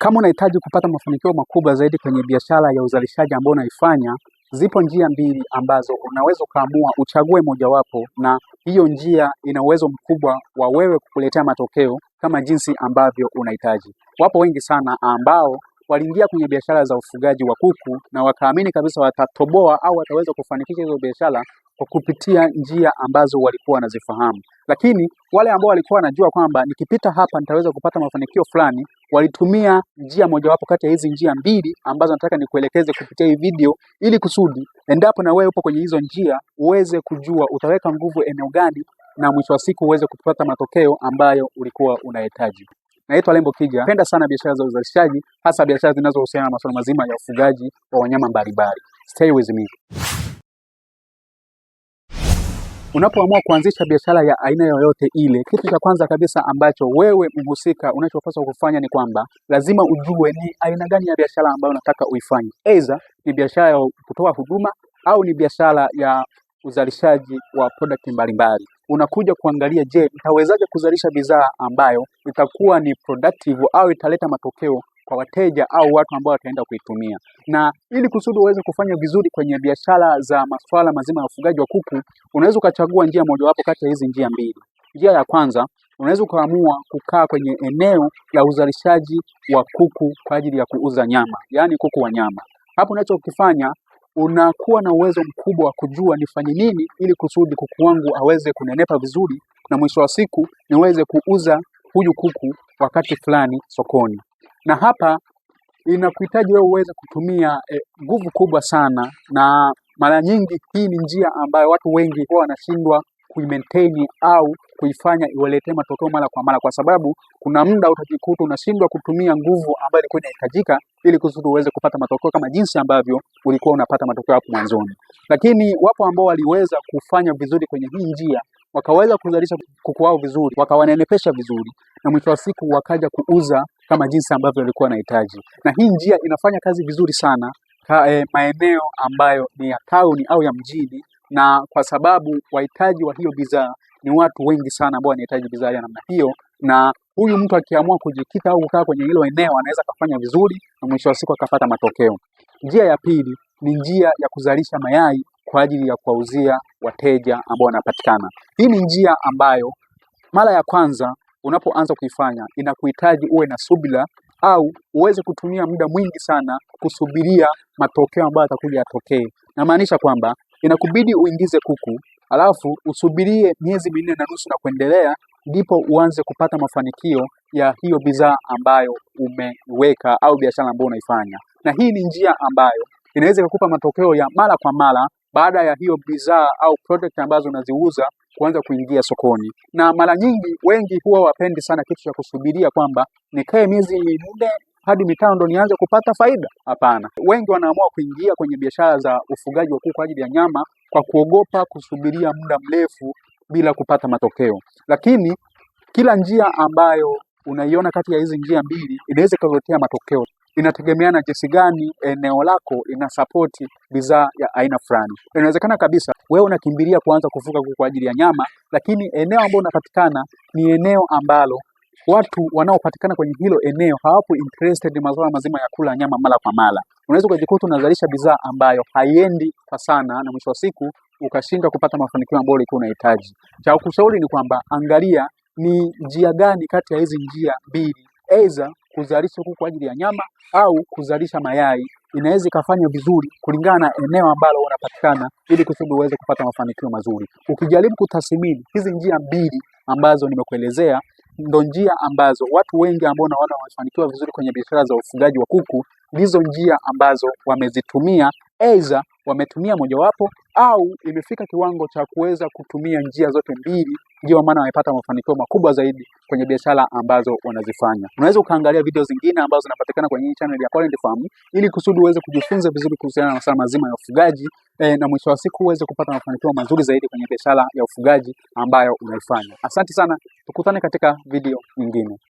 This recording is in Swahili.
Kama unahitaji kupata mafanikio makubwa zaidi kwenye biashara ya uzalishaji ambao unaifanya, zipo njia mbili ambazo unaweza ukaamua uchague mojawapo, na hiyo njia ina uwezo mkubwa wa wewe kukuletea matokeo kama jinsi ambavyo unahitaji. Wapo wengi sana ambao waliingia kwenye biashara za ufugaji wa kuku na wakaamini kabisa watatoboa au wataweza kufanikisha hizo biashara kwa kupitia njia ambazo walikuwa wanazifahamu, lakini wale ambao walikuwa wanajua kwamba nikipita hapa nitaweza kupata mafanikio fulani, walitumia njia mojawapo kati ya hizi njia mbili ambazo nataka nikuelekeze kupitia hii video, ili kusudi endapo na wewe upo kwenye hizo njia uweze kujua utaweka nguvu eneo gani, na mwisho wa siku uweze kupata matokeo ambayo ulikuwa unahitaji. Naitwa Lembo Kija, napenda sana biashara za uzalishaji, hasa biashara zinazohusiana na masuala mazima ya ufugaji wa wanyama mbalimbali. Stay with me. Unapoamua kuanzisha biashara ya aina yoyote ile, kitu cha kwanza kabisa ambacho wewe mhusika unachopaswa kufanya ni kwamba lazima ujue ni aina gani ya biashara ambayo unataka uifanye. Aidha ni biashara ya kutoa huduma au ni biashara ya uzalishaji wa product mbalimbali. Unakuja kuangalia, je, nitawezaje kuzalisha bidhaa ambayo itakuwa ni productive au italeta matokeo kwa wateja au watu ambao wataenda kuitumia. Na ili kusudi uweze kufanya vizuri kwenye biashara za masuala mazima ya ufugaji wa kuku, unaweza ukachagua njia mojawapo kati ya hizi njia mbili. Njia ya kwanza, unaweza ukaamua kukaa kwenye eneo la uzalishaji wa kuku kwa ajili ya kuuza nyama, yaani kuku wa nyama. Hapo unachokifanya unakuwa na uwezo mkubwa wa kujua nifanye nini ili kusudi kuku wangu aweze kunenepa vizuri, na mwisho wa siku niweze kuuza huyu kuku wakati fulani sokoni na hapa inakuhitaji wewe uweze kutumia eh, nguvu e, kubwa sana, na mara nyingi hii ni njia ambayo watu wengi huwa wanashindwa kuimaintain au kuifanya iwaletee matokeo mara kwa mara, kwa sababu kuna muda utajikuta unashindwa kutumia nguvu ambayo ilikuwa inahitajika ili kusudi uweze kupata matokeo kama jinsi ambavyo ulikuwa unapata matokeo hapo mwanzoni. Lakini wapo ambao waliweza kufanya vizuri kwenye hii njia, wakaweza kuzalisha kuku wao vizuri, wakawanenepesha vizuri, na mwisho wa siku wakaja kuuza kama jinsi ambavyo alikuwa anahitaji, na hii njia inafanya kazi vizuri sana ka, e, maeneo ambayo ni ya tauni au ya mjini, na kwa sababu wahitaji wa hiyo bidhaa ni watu wengi sana ambao wanahitaji bidhaa ya namna hiyo, na huyu mtu akiamua kujikita au kukaa kwenye hilo eneo anaweza akafanya vizuri na mwisho wa siku akapata matokeo. Njia ya pili ni njia ya kuzalisha mayai kwa ajili ya kuwauzia wateja ambao wanapatikana. Hii ni njia ambayo mara ya kwanza unapoanza kuifanya inakuhitaji uwe na subira au uweze kutumia muda mwingi sana kusubiria matokeo ambayo atakuja yatokee. Namaanisha kwamba inakubidi uingize kuku alafu usubirie miezi minne na nusu na kuendelea, ndipo uanze kupata mafanikio ya hiyo bidhaa ambayo umeweka au biashara ambayo unaifanya. Na hii ni njia ambayo inaweza ikakupa matokeo ya mara kwa mara baada ya hiyo bidhaa au product ambazo unaziuza kuanza kuingia sokoni. Na mara nyingi wengi huwa wapendi sana kitu cha kusubiria kwamba nikae miezi minne hadi mitano ndo nianze kupata faida. Hapana, wengi wanaamua kuingia kwenye biashara za ufugaji wa kuku kwa ajili ya nyama kwa kuogopa kusubiria muda mrefu bila kupata matokeo. Lakini kila njia ambayo unaiona kati ya hizi njia mbili inaweza ikaletea matokeo inategemea na jinsi gani eneo lako inasapoti bidhaa ya aina fulani. Inawezekana kabisa wewe unakimbilia kuanza kufuga kuku kwa ajili ya nyama, lakini eneo ambalo unapatikana ni eneo ambalo watu wanaopatikana kwenye hilo eneo hawapo interested mazao mazima ya kula nyama mara kwa mara. Unaweza ukajikuta unazalisha bidhaa ambayo haiendi kwa sana, na mwisho wa siku ukashindwa kupata mafanikio ambayo ulikuwa unahitaji. Cha kushauri ni kwamba angalia ni njia gani kati ya hizi njia mbili, aidha kuzalisha kuku kwa ajili ya nyama au kuzalisha mayai inaweza ikafanya vizuri kulingana na eneo ambalo unapatikana, ili kusudi uweze kupata mafanikio mazuri. Ukijaribu kutathmini hizi njia mbili ambazo nimekuelezea, ndo njia ambazo watu wengi ambao unaona wamefanikiwa vizuri kwenye biashara za ufugaji wa kuku, ndizo njia ambazo wamezitumia aidha wametumia mojawapo au imefika kiwango cha kuweza kutumia njia zote mbili, ndio maana wamepata mafanikio makubwa zaidi kwenye biashara ambazo wanazifanya. Unaweza ukaangalia video zingine ambazo zinapatikana kwenye hii channel ya Colend Farm ili kusudi uweze kujifunza vizuri kuhusiana na masuala mazima ya ufugaji e, na mwisho wa siku uweze kupata mafanikio mazuri zaidi kwenye biashara ya ufugaji ambayo unaifanya. Asante sana, tukutane katika video nyingine.